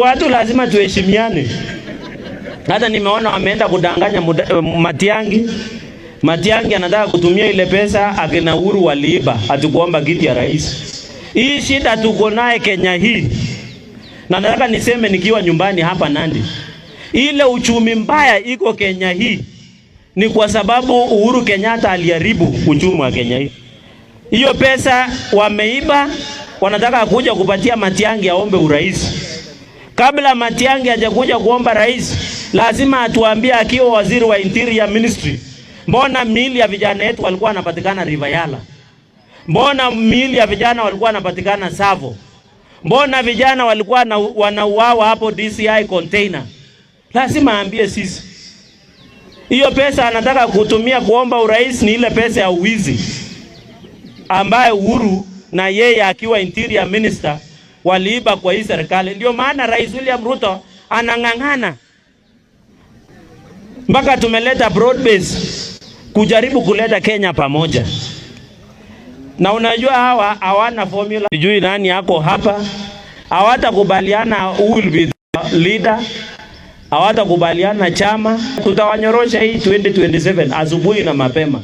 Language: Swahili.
Watu lazima tuheshimiane. Hata nimeona wameenda kudanganya muda, eh, Matiangi. Matiangi anataka kutumia ile pesa akina Uhuru waliiba, atukuomba kiti ya rais. Hii shida tuko naye Kenya hii, na nataka niseme nikiwa nyumbani hapa Nandi, ile uchumi mbaya iko Kenya hii ni kwa sababu Uhuru Kenyatta aliharibu uchumi wa Kenya hii. Hiyo pesa wameiba, wanataka kuja kupatia Matiangi aombe urais. Kabla Matiang'i hajakuja kuomba rais, lazima atuambie akiwa waziri wa interior ministry, mbona miili ya vijana yetu walikuwa wanapatikana River Yala? Mbona miili ya vijana walikuwa wanapatikana Savo? Mbona vijana walikuwa wanauawa hapo DCI container? Lazima aambie sisi. Hiyo pesa anataka kutumia kuomba urais ni ile pesa ya uwizi ambaye Uhuru na yeye akiwa interior minister waliiba kwa hii serikali. Ndio maana Rais William Ruto anang'ang'ana mpaka tumeleta broad base kujaribu kuleta Kenya pamoja. Na unajua hawa hawana formula, sijui nani yako hapa, hawatakubaliana who will be the leader, hawatakubaliana chama. Tutawanyorosha hii 2027 asubuhi na mapema.